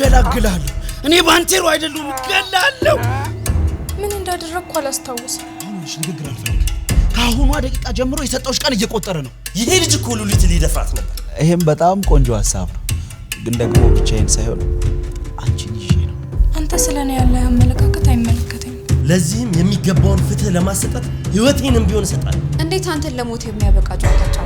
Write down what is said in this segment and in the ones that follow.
እገላግላለሁ። እኔ ባንቴሮ አይደሉም፣ እገላለሁ። ምን እንዳደረግኩ አላስታውስም። አሁንሽ ንግግር አልፈልግ። ከአሁኗ ደቂቃ ጀምሮ የሰጠውሽ ቀን እየቆጠረ ነው። ይሄ ልጅ እኮ ሉሊት ሊደፍራት ነበር። ይሄም በጣም ቆንጆ ሀሳብ ነው፣ ግን ደግሞ ብቻዬን ሳይሆን አንቺን ይዤ ነው። አንተ ስለ እኔ ያለ አመለካከት አይመለከተኝም። ለዚህም የሚገባውን ፍትህ ለማሰጠት ህይወቴንም ቢሆን እሰጣለሁ። እንዴት አንተን ለሞት የሚያበቃ ጨዋታ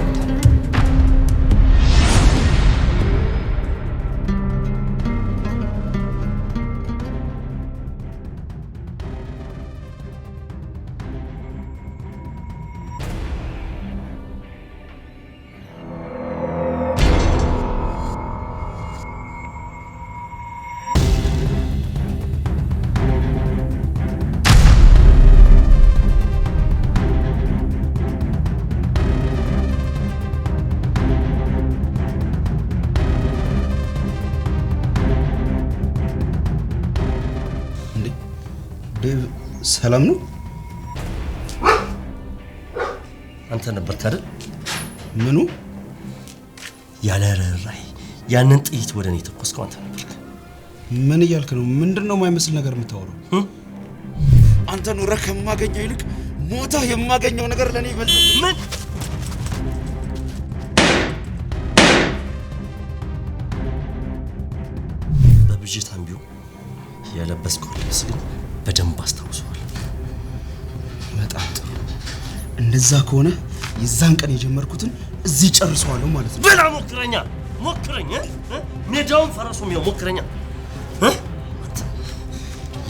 ሰላም ነው? አንተ ነበርክ አይደል? ምኑ ያለ ርኅራኄ ያንን ጥይት ወደ እኔ ተኮስከው አንተ ነበርክ። ምን እያልክ ነው? ምንድን ነው የማይመስል ነገር የምታወራው? አንተ ኑረህ ከማገኘው ይልቅ ሞተህ የማገኘው ነገር ለእኔ ይበልጥ። ምን በብዥታም ቢሆን የለበስከው ልብስ ግን በደንብ አስታውሰዋል። በጣም ጥሩ። እንደዛ ከሆነ የዛን ቀን የጀመርኩትን እዚህ ጨርሰዋለሁ ማለት ነው። በላ ሞክረኛ፣ ሞክረኛ፣ ሜዳውን ፈረሱም ያው ሞክረኛ።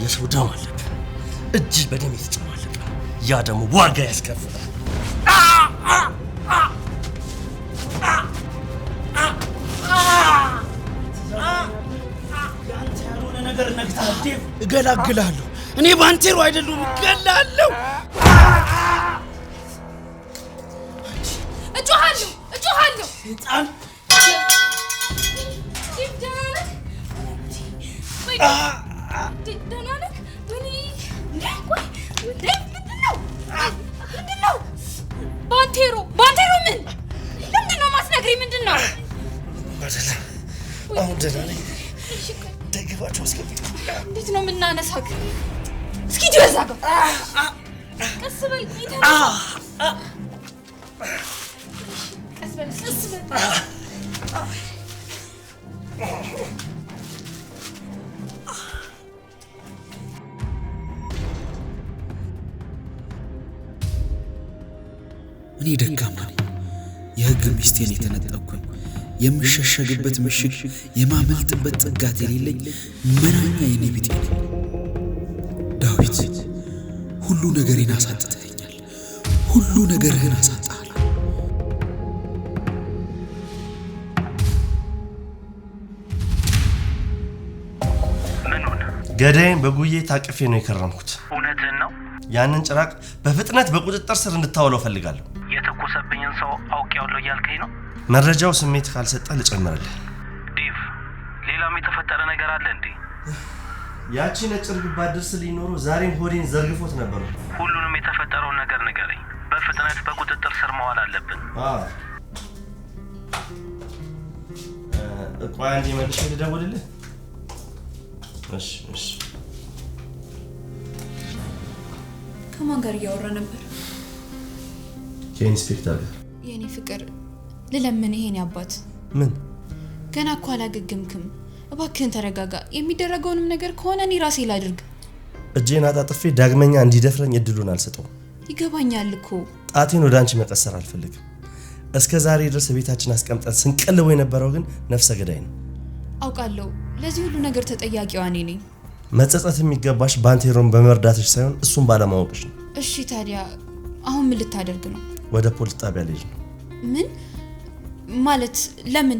የሰው ደም አለብህ፣ እጅ በደም ያ ደግሞ ዋጋ ያስከፍላል። እገላግላለሁ። እኔ ባንቴሮ አይደሉም፣ እገላለሁ እጮሃለሁ እጮሃለሁ ህፃን ደህና ነህ? ምንድን ነው ምንድን ነው? ባንቴሮ ባንቴሮ ምን ምንድን ነው ማስነግሪኝ? ምንድን ነው አሁን ደህና ነኝ። ደግፋችሁ አስገብኝ። እንዴት ነው የምናነሳህ? እስኪ እጅ ቀስ በል እኔ ደካማ ነኝ። የሕግ ሚስቴን የተነጠቅኩኝ የምሸሸግበት ምሽግ የማመልጥበት ጥጋት የሌለኝ መናኛ የኔ ቢጤ ነኝ። ዳዊት ሁሉ ነገሬን አሳጥተኛል። ሁሉ ነገርህን አሳጣል። ገዳይን በጉዬ ታቅፌ ነው የከረምኩት። እውነትህን ነው። ያንን ጭራቅ በፍጥነት በቁጥጥር ስር እንድታውለው ፈልጋለሁ። የደረሰብኝን ሰው አውቄዋለሁ እያልከኝ ነው? መረጃው ስሜት ካልሰጠ ልጨምርልህ። ዴቭ፣ ሌላም የተፈጠረ ነገር አለ እንዴ? ያቺ ነጭ ርግብ ድርስ ሊኖሩ ዛሬም ሆዴን ዘርግፎት ነበሩ። ሁሉንም የተፈጠረውን ነገር ንገረኝ። በፍጥነት በቁጥጥር ስር መዋል አለብን። ቆይ አንዴ መልሼ ልደውልልህ። እሺ፣ እሺ። ከማን ጋር እያወራ ነበር? የኢንስፔክተር ጋር ፍቅር ልለምን ይሄን ያባት ምን ገና እኮ አላገገምክም። እባክህን ተረጋጋ። የሚደረገውንም ነገር ከሆነ እኔ ራሴ ላድርግ። እጄን አጣጥፌ ዳግመኛ እንዲደፍረኝ እድሉን አልሰጠውም። ይገባኛል እኮ ጣቴን ወደ አንቺ መቀሰር አልፈልግም። እስከ ዛሬ ድረስ ቤታችን አስቀምጠን ስንቀልቦ የነበረው ግን ነፍሰ ገዳይ ነው። አውቃለሁ። ለዚህ ሁሉ ነገር ተጠያቂዋ እኔ ነኝ። መጸጸት የሚገባሽ ባንቴሮን በመርዳትሽ ሳይሆን እሱን ባለማወቅሽ ነው። እሺ ታዲያ አሁን ምን ልታደርግ ነው? ወደ ፖሊስ ጣቢያ ልጅ ነው። ምን ማለት? ለምን?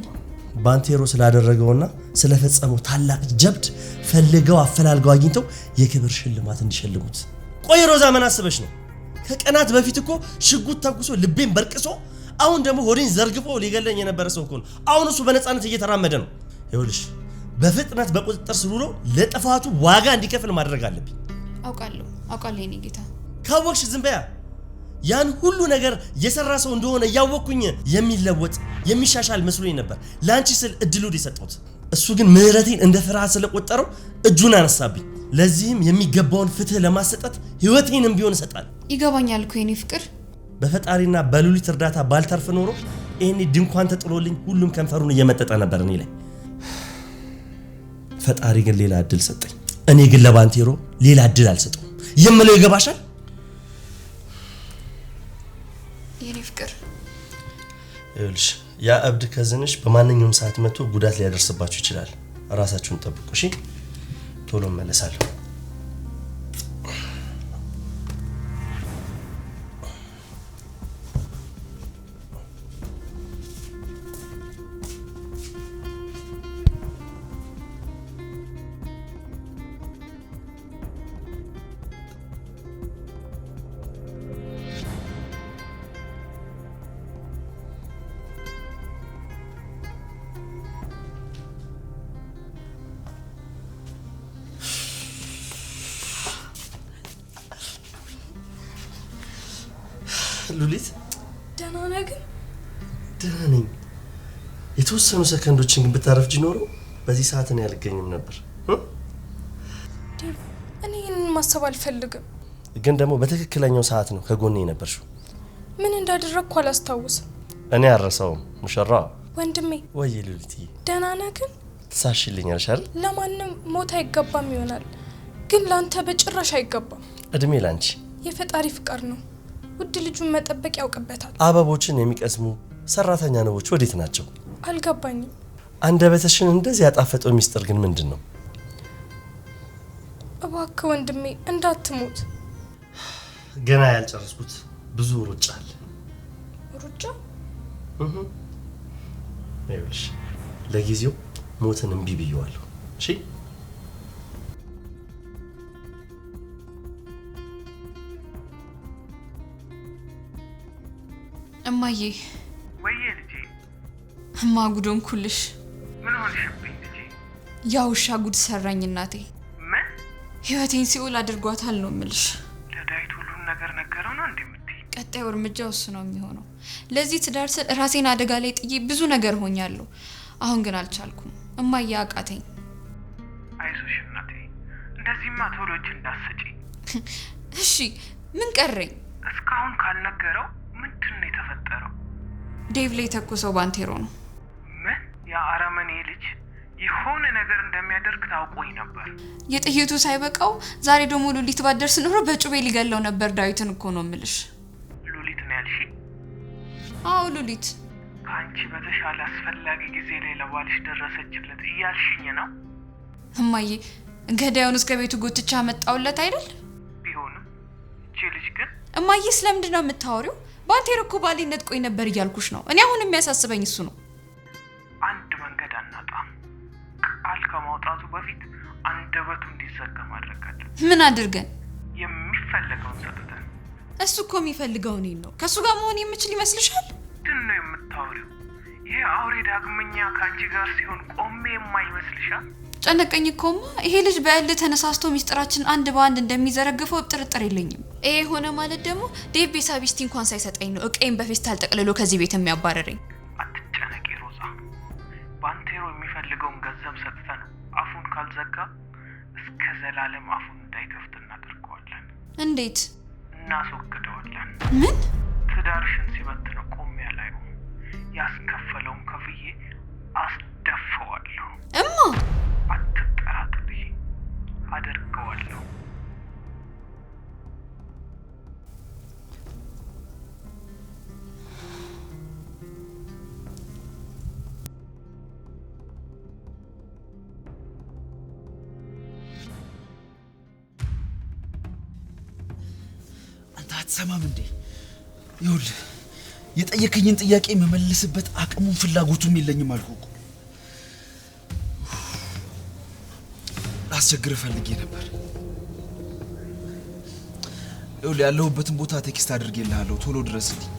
ባንቴሮ ስላደረገውና ስለፈጸመው ታላቅ ጀብድ ፈልገው አፈላልገው አግኝተው የክብር ሽልማት እንዲሸልሙት። ቆይ ሮዛ ምን አስበሽ ነው? ከቀናት በፊት እኮ ሽጉጥ ተኩሶ ልቤን በርቅሶ፣ አሁን ደግሞ ሆዴን ዘርግፎ ሊገለኝ የነበረ ሰው እኮ ነው። አሁን እሱ በነፃነት እየተራመደ ነው። ይኸውልሽ በፍጥነት በቁጥጥር ስር ውሎ ለጥፋቱ ዋጋ እንዲከፍል ማድረግ አለብኝ። አውቃለሁ አውቃለሁ፣ የኔ ጌታ። ካወቅሽ ዝም በያ ያን ሁሉ ነገር የሰራ ሰው እንደሆነ እያወቅኩኝ የሚለወጥ የሚሻሻል መስሎኝ ነበር ለአንቺ ስል እድሉን የሰጠሁት። እሱ ግን ምህረቴን እንደ ፍርሃት ስለቆጠረው እጁን አነሳብኝ። ለዚህም የሚገባውን ፍትህ ለማሰጠት ህይወቴንም ቢሆን እሰጣል። ይገባኛል እኮ የኔ ፍቅር። በፈጣሪና በሉሊት እርዳታ ባልተርፍ ኖሮ ይህኔ ድንኳን ተጥሎልኝ ሁሉም ከንፈሩን እየመጠጠ ነበር እኔ ላይ። ፈጣሪ ግን ሌላ እድል ሰጠኝ። እኔ ግን ለባንቴሮ ሌላ እድል አልሰጠውም የምለው ይገባሻል? ይኸውልሽ ያ እብድ ከዝንሽ በማንኛውም ሰዓት መጥቶ ጉዳት ሊያደርስባችሁ ይችላል። ራሳችሁን ጠብቁ። እሺ፣ ቶሎ እመለሳለሁ። ሉሊት? ደህና ነህ ግን? ደህና ነኝ። የተወሰኑ ሰከንዶችን ግን ብታረፍጅ ኖሮ በዚህ ሰዓት እኔ አልገኝም ነበር። እኔ ይህንን ማሰብ አልፈልግም። ግን ደግሞ በትክክለኛው ሰዓት ነው ከጎኔ የነበርሽው። ምን እንዳደረግኩ አላስታውስም። እኔ አረሰውም ሙሽራ ወንድሜ። ወይ ሉሊት፣ ደህና ነህ ግን? ትሳሽልኛለሽ አይደል? ለማንም ሞት አይገባም ይሆናል፣ ግን ለአንተ በጭራሽ አይገባም። እድሜ ላንቺ። የፈጣሪ ፍቃድ ነው። ውድ ልጁን መጠበቅ ያውቅበታል። አበቦችን የሚቀስሙ ሰራተኛ ንቦች ወዴት ናቸው? አልገባኝም። አንደበትሽን እንደዚህ ያጣፈጠው ሚስጥር ግን ምንድን ነው? እባክህ ወንድሜ እንዳትሞት። ገና ያልጨረስኩት ብዙ ሩጫ አለ። ሩጫ? ይኸውልሽ ለጊዜው ሞትን እምቢ ብየዋለሁ። እሺ እማዬ። ወይዬ ልጄ። እማ ጉዶን ኩልሽ። ምን ሆንሽብኝ ልጄ? ያ ውሻ ጉድ ሰራኝ እናቴ። ምን ህይወቴን ሲኦል አድርጓታል ነው ምልሽ። ለዳዊት ሁሉን ነገር ነገረው ነው ምትይ? ቀጣዩ እርምጃ እሱ ነው የሚሆነው። ለዚህ ትዳር ስል ራሴን አደጋ ላይ ጥዬ ብዙ ነገር ሆኛለሁ። አሁን ግን አልቻልኩም እማዬ፣ አቃተኝ። አይዞሽ እናቴ፣ እንደዚህማ ቶሎ እንዳሰጪ። እሺ። ምን ቀረኝ? እስካሁን ካልነገረው ምንድን ነው የተፈጠረው? ዴቭ ላይ የተኮሰው ባንቴሮ ነው። ምን? የአረመኔ ልጅ የሆነ ነገር እንደሚያደርግ ታውቆኝ ነበር። የጥይቱ ሳይበቃው ዛሬ ደግሞ ሉሊት ባደርስ ኖሮ በጩቤ ሊገለው ነበር። ዳዊትን እኮ ነው ምልሽ ሉሊት ነው ያልሽ? አዎ ሉሊት። ከአንቺ በተሻለ አስፈላጊ ጊዜ ላይ ለባልሽ ደረሰችለት እያልሽኝ ነው? እማዬ ገዳዩን እስከ ቤቱ ጎትቻ መጣውለት አይደል? ቢሆንም እቺ ልጅ ግን እማዬ፣ ስለምንድን ነው የምታወሪው? ባንቴር እኮ ባሊነት ቆይ ነበር እያልኩሽ ነው። እኔ አሁን የሚያሳስበኝ እሱ ነው። አንድ መንገድ አናጣም። ቃል ከማውጣቱ በፊት አንደበቱ እንዲዘጋ ማድረግ ምን አድርገን የሚፈለገውን ሰጥተን። እሱ እኮ የሚፈልገው እኔን ነው። ከእሱ ጋር መሆን የምችል ይመስልሻል? ምንድን ነው የምታወሪው? ይሄ አውሬ ዳግመኛ ከአንቺ ጋር ሲሆን ቆሜ የማይመስልሻል? ጨነቀኝ እኮማ ይሄ ልጅ በእልህ ተነሳስቶ ሚስጥራችን አንድ በአንድ እንደሚዘረግፈው ጥርጥር የለኝም። ይሄ የሆነ ማለት ደግሞ ዴቭ ቤሳቢስቲ እንኳን ሳይሰጠኝ ነው እቀይም በፌስታል ጠቅልሎ ከዚህ ቤት የሚያባረረኝ። አትጨነቂ ሮዛ፣ ባንቴሮ የሚፈልገውን ገንዘብ ሰጥተን አፉን ካልዘጋ እስከ ዘላለም አፉን እንዳይከፍት እናደርገዋለን። እንዴት? እናስወግደዋለን። ምን? ትዳርሽን ሲበትነው ቆሜ ላይ ያስከፈለውን ከፍዬ አትሰማም እንዴ? ይኸውልህ የጠየከኝን ጥያቄ መመልስበት አቅሙን ፍላጎቱም የለኝም አልኩ እኮ። ላስቸግርህ ፈልጌ ነበር። ይኸውልህ ያለሁበትን ቦታ ቴክስት አድርጌልሃለሁ፣ ቶሎ ድረስልኝ።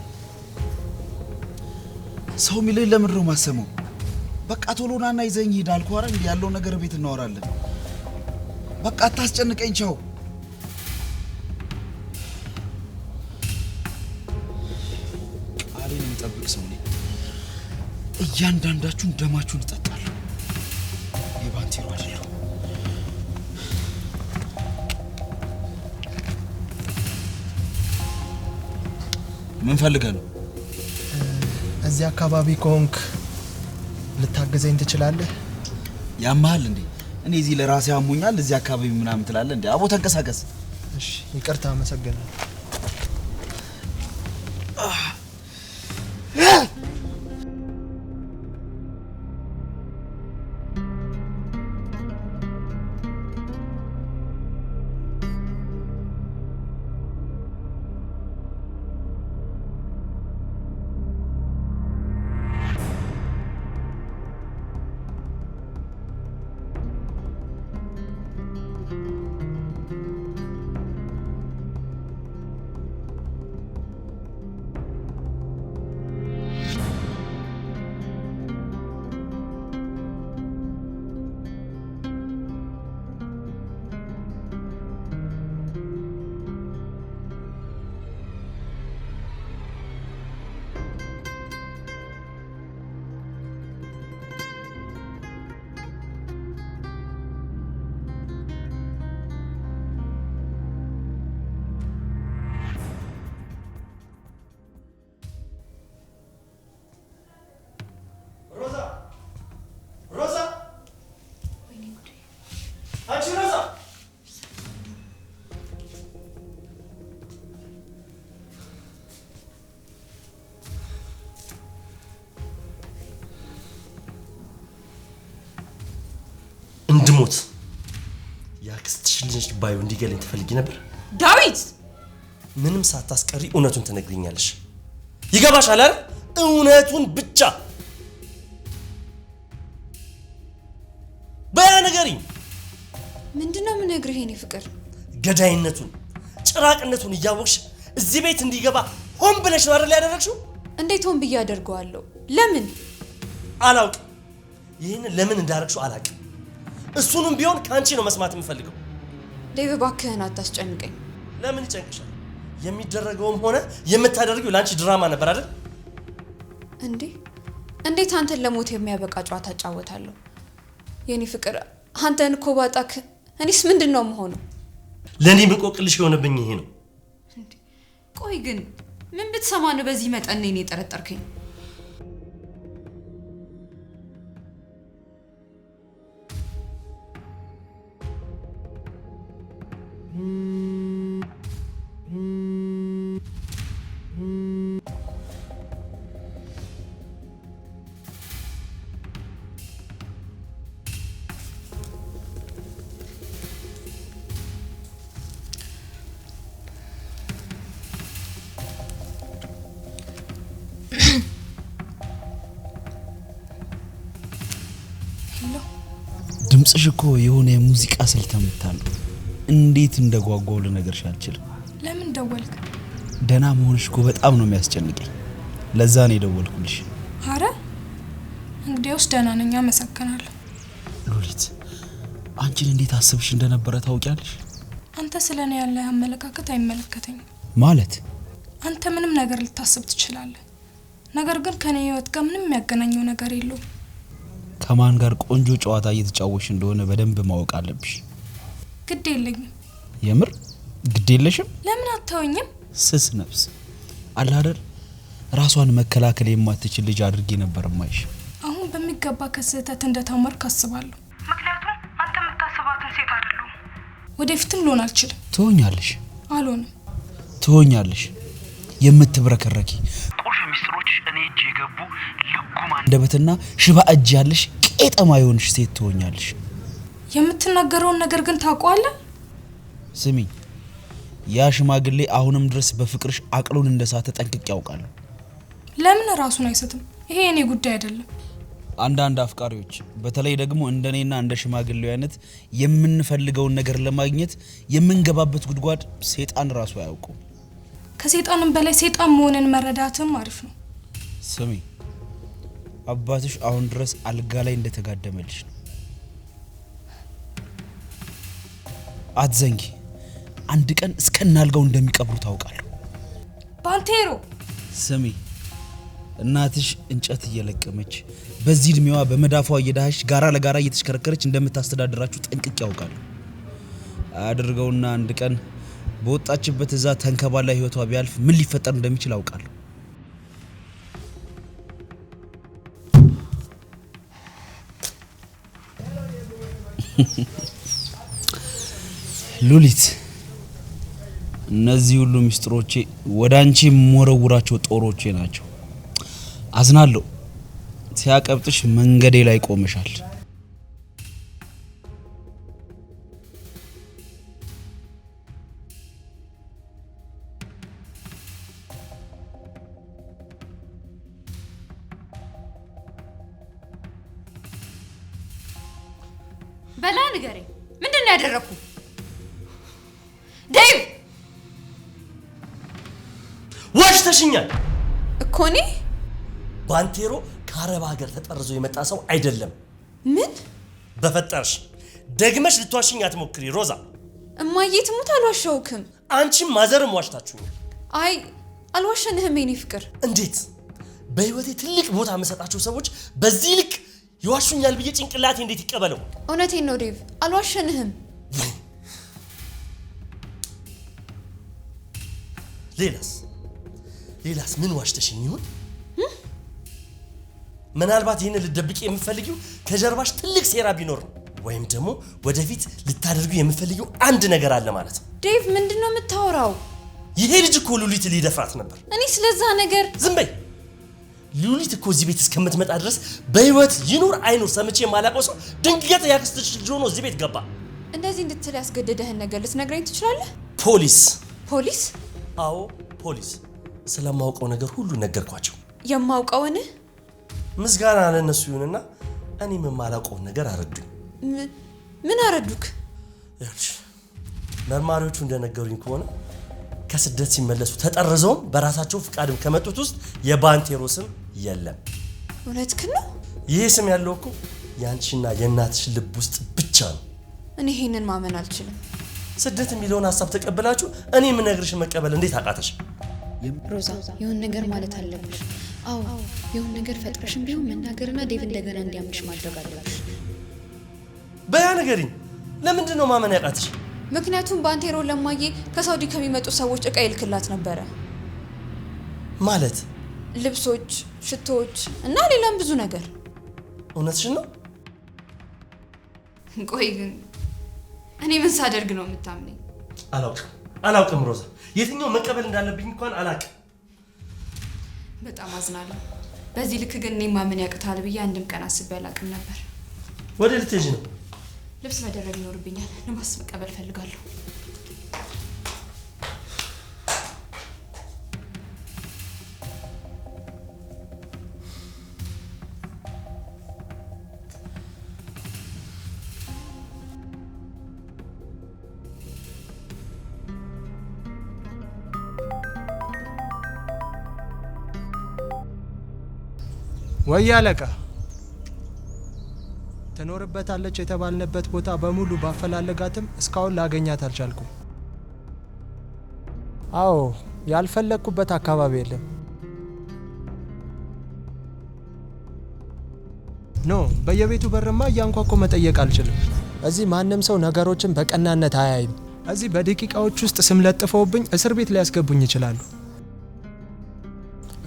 ሰው የሚለኝ ለምንድን ነው የማሰማው? በቃ ቶሎ ናና ይዘኝ ሂድ አልኩህ አይደል? ያለው ነገር ቤት እናወራለን። በቃ አታስጨንቀኝ። ቻው እያንዳንዳችሁን ደማችሁን እጠጣለሁ። የባንቴሮ አይደለሁ። ምን ፈልገህ ነው? እዚህ አካባቢ ከሆንክ ልታገዘኝ ትችላለህ? ያመሃል እንዴ? እኔ እዚህ ለራሴ አሞኛል፣ እዚህ አካባቢ ምናምን ትላለህ እንዴ? አቦ ተንቀሳቀስ። እሺ፣ ይቅርታ። አመሰግናለሁ። ልጅ ባዩ እንዲገለኝ ትፈልጊ ነበር? ዳዊት ምንም ሳታስቀሪ እውነቱን ትነግሪኛለሽ። ይገባሻል አይደል? እውነቱን ብቻ በያ ነገሪኝ። ምንድነው የምነግርህ? የእኔ ፍቅር ገዳይነቱን ጭራቅነቱን እያወቅሽ እዚህ ቤት እንዲገባ ሆን ብለሽ ነው አይደል ያደረግሽው? እንዴት ሆን ብዬ አደርገዋለሁ? ለምን አላውቅም። ይህንን ለምን እንዳረግሽው አላውቅም። እሱንም ቢሆን ከአንቺ ነው መስማት የምፈልገው። ዴቭ እባክህን አታስጨንቀኝ። ለምን ይጨንቅሻል? የሚደረገውም ሆነ የምታደርጊው ለአንቺ ድራማ ነበር አይደል? እንዴ እንዴት አንተን ለሞት የሚያበቃ ጨዋታ እጫወታለሁ? የኔ ፍቅር አንተን እኮ ባጣክ እኔስ ምንድን ነው የምሆነው? ለእኔ ብቆቅልሽ የሆነብኝ ይሄ ነው። ቆይ ግን ምን ብትሰማ ነው በዚህ መጠን እኔን የጠረጠርከኝ? ድምፅሽ እኮ የሆነ የሙዚቃ ስልት የምታለው እንዴት እንደጓጓው ልነግርሽ አልችልም። ለምን ደወልክ? ደህና መሆንሽ እኮ በጣም ነው የሚያስጨንቀኝ። ለዛ ነው የደወልኩልሽ። አረ እንግዲያውስ ደህና ነኝ፣ አመሰግናለሁ። ሉሊት፣ አንቺን እንዴት አስብሽ እንደነበረ ታውቂያለሽ። አንተ ስለ እኔ ያለ አመለካከት አይመለከተኝም ማለት። አንተ ምንም ነገር ልታስብ ትችላለህ፣ ነገር ግን ከኔ ህይወት ጋር ምንም የሚያገናኘው ነገር የለውም። ከማን ጋር ቆንጆ ጨዋታ እየተጫወሽ እንደሆነ በደንብ ማወቅ አለብሽ። ግድ የለኝም። የምር ግድ የለሽም? ለምን አተወኝም? ስስ ነፍስ ራሷን መከላከል የማትችል ልጅ አድርጌ ነበር ማይሽ። አሁን በሚገባ ከስህተት እንደተማርክ አስባለሁ። ምክንያቱም አንተ የምታስባትን ሴት አይደለሁም። ወደፊትም ልሆን አልችልም። ትሆኛለሽ። አልሆንም። ትሆኛለሽ። የምትብረከረኪ ቁልፍ ሚስጥሮች እኔ እጅ የገቡ ልጉም አንደበትና ሽባ እጅ ያለሽ ቄጠማ የሆንሽ ሴት ትሆኛለሽ። የምትናገረውን ነገር ግን ታውቀዋለህ። ስሚ፣ ያ ሽማግሌ አሁንም ድረስ በፍቅርሽ አቅሉን እንደሳተ ጠንቅቅ ያውቃለሁ። ለምን ራሱን አይሰጥም? ይሄ የኔ ጉዳይ አይደለም። አንዳንድ አፍቃሪዎች በተለይ ደግሞ እንደኔና እንደ ሽማግሌው አይነት የምንፈልገውን ነገር ለማግኘት የምንገባበት ጉድጓድ ሴጣን ራሱ አያውቁ። ከሴጣንም በላይ ሴጣን መሆንን መረዳትም አሪፍ ነው። ስሚ አባትሽ አሁን ድረስ አልጋ ላይ እንደተጋደመልሽ ነው። አትዘንጊ። አንድ ቀን እስከናልጋው እንደሚቀብሩ ታውቃለሁ። ባንቴሮ ስሚ፣ እናትሽ እንጨት እየለቀመች በዚህ እድሜዋ በመዳፏ እየዳሽ ጋራ ለጋራ እየተሽከረከረች እንደምታስተዳድራችሁ ጠንቅቅ ያውቃሉ። አድርገውና አንድ ቀን በወጣችበት እዛ ተንከባላ ህይወቷ ቢያልፍ ምን ሊፈጠር እንደሚችል አውቃለሁ። ሉሊት፣ እነዚህ ሁሉ ምስጢሮቼ ወደ አንቺ የምወረውራቸው ጦሮቼ ናቸው። አዝናለሁ፣ ሲያቀብጥሽ መንገዴ ላይ ቆመሻል። በላ ንገሬ፣ ምንድን ነው ያደረግኩ? ዴቭ ዋሽተሽኛል እኮ እኔ ባንቴሮ ከአረብ ሀገር ተጠርዞ የመጣ ሰው አይደለም። ምን በፈጠርሽ ደግመሽ ልትዋሽኝ አትሞክሪ ሮዛ። እማዬ ትሙት አልዋሸሁክም። አንቺም ማዘርም ዋሽታችሁኛል። አይ አልዋሸንህም የኔ ፍቅር። እንዴት በህይወቴ ትልቅ ቦታ የምሰጣቸው ሰዎች በዚህ ልክ ይዋሹኛል ብዬ ጭንቅላቴ እንዴት ይቀበለው? እውነቴን ነው ዴቭ፣ አልዋሸንህም። ሌላስ ሌላስ ምን ዋሽተሽኝ ይሆን? ምናልባት ይህንን ልደብቅ የምፈልጊው ከጀርባሽ ትልቅ ሴራ ቢኖር ነው፣ ወይም ደግሞ ወደፊት ልታደርጉ የምፈልጊው አንድ ነገር አለ ማለት ነው። ዴቭ፣ ምንድን ነው የምታወራው? ይሄ ልጅ እኮ ሉሊት ሊደፍራት ነበር። እኔ ስለዛ ነገር ዝም በይ። ሉሊት እኮ እዚህ ቤት እስከምትመጣ ድረስ በህይወት ይኑር አይኑር ሰምቼ የማላውቀው ሰው ድንገት ያክስትሽ ልጅ ሆኖ እዚህ ቤት ገባ። እንደዚህ እንድትል ያስገደደህን ነገር ልትነግረኝ ትችላለህ? ፖሊስ ፖሊስ አዎ ፖሊስ። ስለማውቀው ነገር ሁሉ ነገርኳቸው። የማውቀውን ምስጋና ለነሱ ይሁንና እኔም የማላውቀውን ነገር አረዱኝ። ምን አረዱክ? መርማሪዎቹ እንደነገሩኝ ከሆነ ከስደት ሲመለሱ ተጠርዘውም በራሳቸው ፍቃድም ከመጡት ውስጥ የባንቴሮ ስም የለም። እውነትህን ነው። ይህ ስም ያለው እኮ የአንቺና የእናትሽ ልብ ውስጥ ብቻ ነው። እኔ ይሄንን ማመን አልችልም። ስደት የሚለውን ሀሳብ ተቀበላችሁ እኔ የምነግርሽን መቀበል እንዴት አቃተሽ? ሮዛ የሆን ነገር ማለት አለብሽ። አዎ የሆን ነገር ፈጥረሽም ቢሆን መናገርና ዴቭ እንደገና እንዲያምንሽ ማድረግ አለብሽ። በያ ነገሪኝ፣ ለምንድን ነው ማመን ያቃተሽ? ምክንያቱም ባንቴሮ ለማዬ ከሳውዲ ከሚመጡ ሰዎች እቃ ይልክላት ነበረ። ማለት ልብሶች፣ ሽቶዎች እና ሌላም ብዙ ነገር። እውነትሽን ነው? ቆይ ግን እኔ ምን ሳደርግ ነው የምታምነኝ? አላውቅም አላውቅም ሮዛ፣ የትኛው መቀበል እንዳለብኝ እንኳን አላውቅም። በጣም አዝናለሁ። በዚህ ልክ ግን እኔ ማመን ያቅታል ብዬ አንድም ቀን አስቤ አላውቅም ነበር። ወደ ልትሄጂ ነው? ልብስ መደረግ ይኖርብኛል። ንባስ መቀበል ፈልጋለሁ። ወይ አለቃ ትኖርበታለች የተባልንበት ቦታ በሙሉ ባፈላለጋትም እስካሁን ላገኛት አልቻልኩም። አዎ ያልፈለግኩበት አካባቢ የለም። ኖ በየቤቱ በርማ እያንኳኮ መጠየቅ አልችልም። እዚህ ማንም ሰው ነገሮችን በቀናነት አያይም። እዚህ በደቂቃዎች ውስጥ ስም ለጥፈውብኝ እስር ቤት ሊያስገቡኝ ይችላሉ።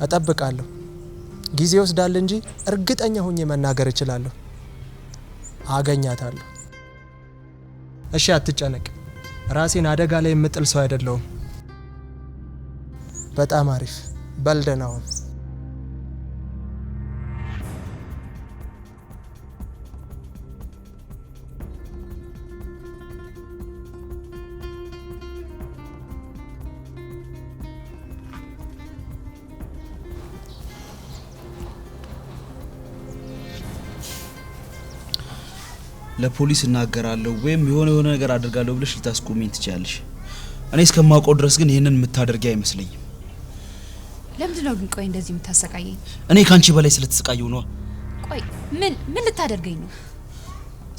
እጠብቃለሁ። ጊዜ ይወስዳል እንጂ እርግጠኛ ሆኜ መናገር እችላለሁ፣ አገኛታለሁ። እሺ አትጨነቅ፣ ራሴን አደጋ ላይ የምጥል ሰው አይደለሁም። በጣም አሪፍ በልደናውን ለፖሊስ እናገራለሁ ወይም የሆነ የሆነ ነገር አድርጋለሁ ብለሽ ልታስቆሚኝ ትችላለሽ። እኔ እስከማውቀው ድረስ ግን ይህንን የምታደርጊ አይመስለኝም። ለምንድን ነው ግን ቆይ እንደዚህ የምታሰቃየኝ? እኔ ከአንቺ በላይ ስለተሰቃየሁ ነዋ። ቆይ ምን ምን ልታደርገኝ ነው?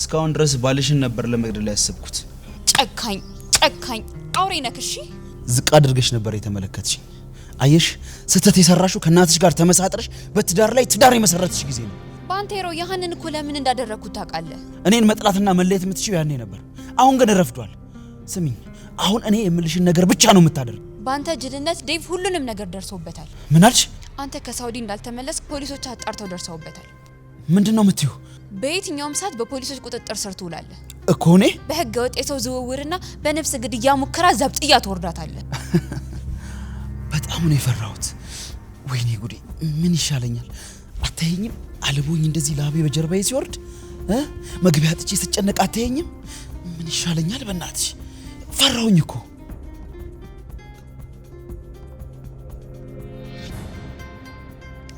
እስካሁን ድረስ ባልሽን ነበር ለመግደል ያሰብኩት። ጨካኝ ጨካኝ አውሬ ነክ። እሺ ዝቅ አድርገሽ ነበር የተመለከትሽኝ። አየሽ፣ ስህተት የሰራሽው ከእናትሽ ጋር ተመሳጥረሽ በትዳር ላይ ትዳር የመሰረትሽ ጊዜ ነው። ባንቴሮ ያህንን እኮ ለምን እንዳደረግኩት ታውቃለህ? እኔን መጥላትና መለየት የምትችው ያኔ ነበር። አሁን ግን ረፍዷል። ስሚኝ፣ አሁን እኔ የምልሽን ነገር ብቻ ነው የምታደርግ። በአንተ ጅልነት ዴቭ ሁሉንም ነገር ደርሶበታል። ምን አልሽ? አንተ ከሳውዲ እንዳልተመለስክ ፖሊሶች አጣርተው ደርሰውበታል። ምንድን ነው የምትይው? በየትኛውም ሰዓት በፖሊሶች ቁጥጥር ስር ትውላለህ እኮ። እኔ በህገ ወጥ የሰው ዝውውርና በነፍስ ግድያ ሙከራ ዘብጥያ ትወርዳታለህ። በጣም ነው የፈራሁት። ወይኔ ጉዴ! ምን ይሻለኛል? አታየኝም አልቦኝ እንደዚህ ላቤ በጀርባዬ ሲወርድ መግቢያ ጥቼ ስጨነቅ አታየኝም? ምን ይሻለኛል? በእናትሽ ፈራሁኝ እኮ።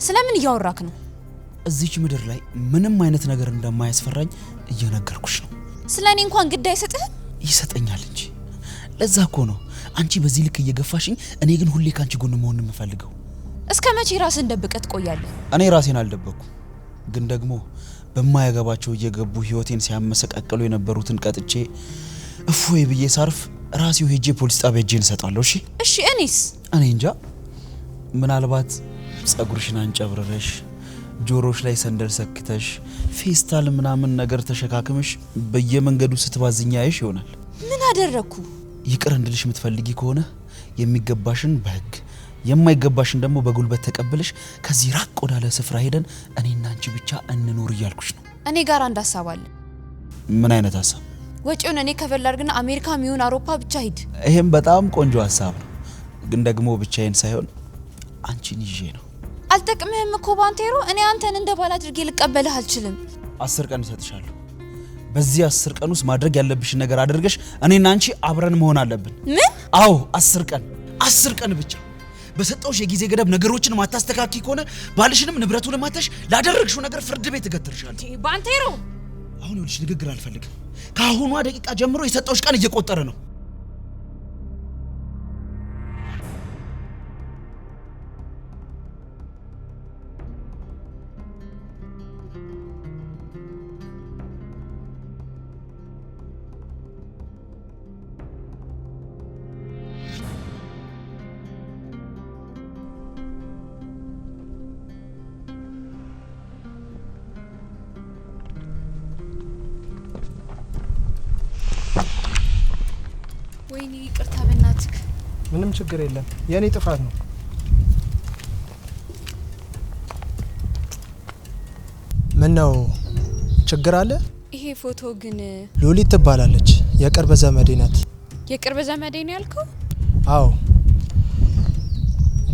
ስለምን እያወራክ ነው? እዚች ምድር ላይ ምንም አይነት ነገር እንደማያስፈራኝ እየነገርኩሽ ነው። ስለ እኔ እንኳን ግድ አይሰጥህም? ይሰጠኛል እንጂ። ለዛ እኮ ነው አንቺ በዚህ ልክ እየገፋሽኝ፣ እኔ ግን ሁሌ ከአንቺ ጎን መሆን የምፈልገው። እስከ መቼ ራስን ደብቀህ ትቆያለህ? እኔ ራሴን አልደበኩም። ግን ደግሞ በማያገባቸው እየገቡ ህይወቴን ሲያመሰቃቀሉ የነበሩትን ቀጥቼ እፎይ ብዬ ሳርፍ ራሴው ሄጄ ፖሊስ ጣቢያ እጄን እሰጣለሁ። እሺ እሺ። እኔስ እኔ እንጃ። ምናልባት ጸጉርሽን አንጨብርረሽ ጆሮሽ ላይ ሰንደል ሰክተሽ ፌስታል ምናምን ነገር ተሸካክመሽ በየመንገዱ ስትባዝኛ ያይሽ ይሆናል። ምን አደረግኩ? ይቅር እንድልሽ የምትፈልጊ ከሆነ የሚገባሽን በህግ የማይገባሽን ደግሞ በጉልበት ተቀብለሽ ከዚህ ራቅ ወዳለ ስፍራ ሄደን እኔና አንቺ ብቻ እንኖር እያልኩሽ ነው። እኔ ጋር አንድ ሀሳብ አለ። ምን አይነት ሀሳብ? ወጪውን እኔ ከፈል አድርግና አሜሪካ የሚሆን አውሮፓ ብቻ ሂድ። ይሄም በጣም ቆንጆ ሀሳብ ነው፣ ግን ደግሞ ብቻዬን ሳይሆን አንቺን ይዤ ነው። አልጠቅምህም እኮ ባንቴሮ። እኔ አንተን እንደ ባል አድርጌ ልቀበልህ አልችልም። አስር ቀን እሰጥሻለሁ። በዚህ አስር ቀን ውስጥ ማድረግ ያለብሽን ነገር አድርገሽ እኔና አንቺ አብረን መሆን አለብን። ምን? አዎ አስር ቀን አስር ቀን ብቻ በሰጠውሽ የጊዜ ገደብ ነገሮችን ማታስተካኪ ከሆነ ባልሽንም ንብረቱንም ማተሽ ላደረግሽው ነገር ፍርድ ቤት እገትርሻለሁ። ባንቴሮ፣ አሁን ይኸውልሽ ንግግር አልፈልግም። ከአሁኗ ደቂቃ ጀምሮ የሰጠውሽ ቀን እየቆጠረ ነው። ይቅርታ በናትክ። ምንም ችግር የለም፣ የእኔ ጥፋት ነው። ምን ነው ችግር አለ? ይሄ ፎቶ ግን ሉሊት ትባላለች፣ የቅርብ ዘመዴ ናት። የቅርብ ዘመዴ ነው ያልከው? አዎ፣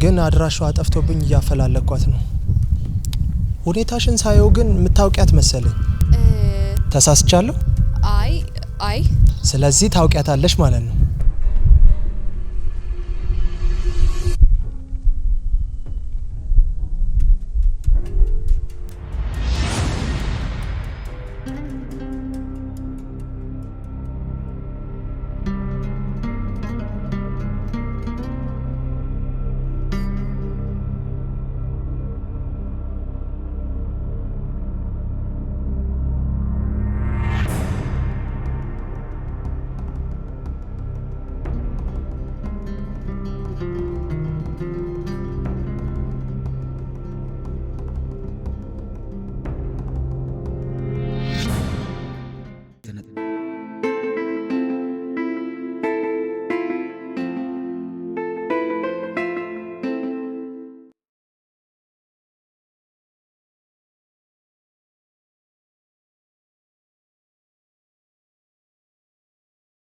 ግን አድራሿ ጠፍቶብኝ እያፈላለኳት ነው። ሁኔታሽን ሳየው ግን የምታውቂያት መሰለኝ። ተሳስቻለሁ? አይ አይ፣ ስለዚህ ታውቂያታለሽ ማለት ነው።